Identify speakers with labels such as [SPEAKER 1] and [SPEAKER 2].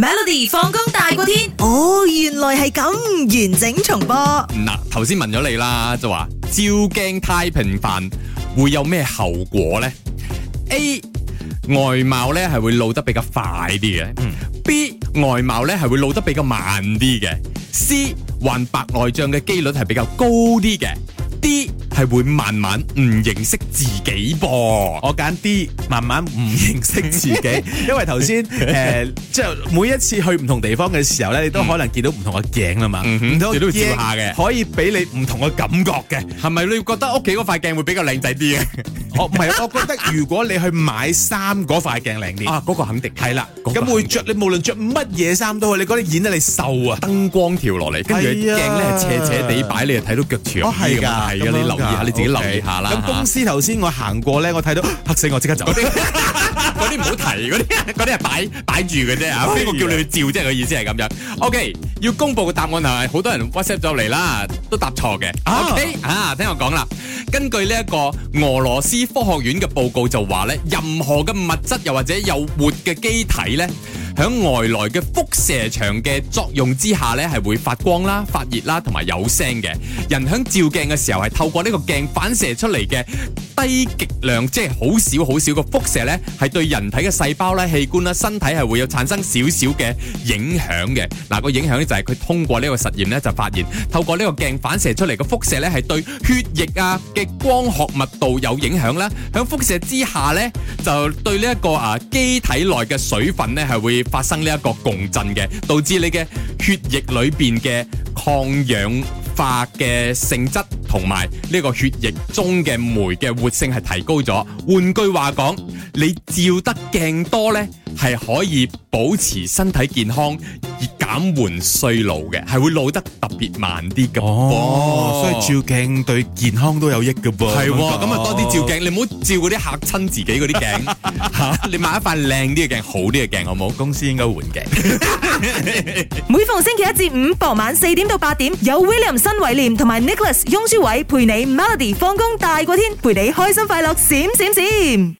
[SPEAKER 1] Melody 放工大過天，哦，原來係咁，完整重播。嗱，頭先問咗你啦，就話照鏡太頻繁會有咩後果咧？A 外貌咧係會老得比較快啲嘅，B 外貌咧係會老得比較慢啲嘅，C 患白內障嘅機率係比較高啲嘅，D。係會慢慢唔認識自己噃？我揀 D 慢慢唔認識自己，因為頭先誒，即係每一次去唔同地方嘅時候咧，你都可能見到唔同嘅鏡啊嘛，咁有時都會照下嘅，可以俾你唔同嘅感覺嘅。係咪你覺得屋企嗰塊鏡會比較靚仔啲嘅？我唔係，我覺得如果你去買衫嗰塊鏡靚啲啊，嗰個肯定係啦。咁會着你無論着乜嘢衫都好，你嗰啲顯得你瘦啊。燈光調落嚟，跟住鏡咧斜斜地擺，你就睇到腳長啲咁，係噶你留下你自己留意一下啦。咁 Okay, 公司頭先我行過咧，啊、我睇到嚇死 我，即刻走些。嗰啲啲唔好提，嗰啲啲係擺擺住嘅啫嚇。邊個、哦、叫你去照即係，即係、個意思係咁樣。OK，要公佈嘅答案係咪？好多人 WhatsApp 咗嚟啦，都答錯嘅。OK，啊，聽我講啦。根據呢一個俄羅斯科學院嘅報告就話咧，任何嘅物質又或者有活嘅機體咧。響外來嘅輻射場嘅作用之下呢，係會發光啦、發熱啦，同埋有聲嘅。人喺照鏡嘅時候，係透過呢個鏡反射出嚟嘅低極量，即係好少好少個輻射呢係對人體嘅細胞啦、器官啦、身體係會有產生少少嘅影響嘅。嗱、啊，個影響呢就係佢通過呢個實驗呢，就發現，透過呢個鏡反射出嚟嘅輻射呢係對血液啊嘅光學密度有影響啦。喺輻射之下呢，就對呢一個啊機體內嘅水分呢係會。發生呢一個共振嘅，導致你嘅血液裏邊嘅抗氧化嘅性質，同埋呢個血液中嘅酶嘅活性係提高咗。換句話講，你照得鏡多呢，係可以保持身體健康。減緩衰老嘅，係會老得特別慢啲嘅。哦，所以照鏡對健康都有益嘅噃。係喎，咁啊多啲照鏡，你唔好照嗰啲嚇親自己嗰啲鏡吓。你買一塊靚啲嘅鏡，好啲嘅鏡好唔好？公司應該換鏡。每逢星期一至五傍晚四點到八點，有 William 新偉廉同埋 Nicholas 雍書偉陪你 Melody 放工大過天，陪你開心快樂閃閃閃。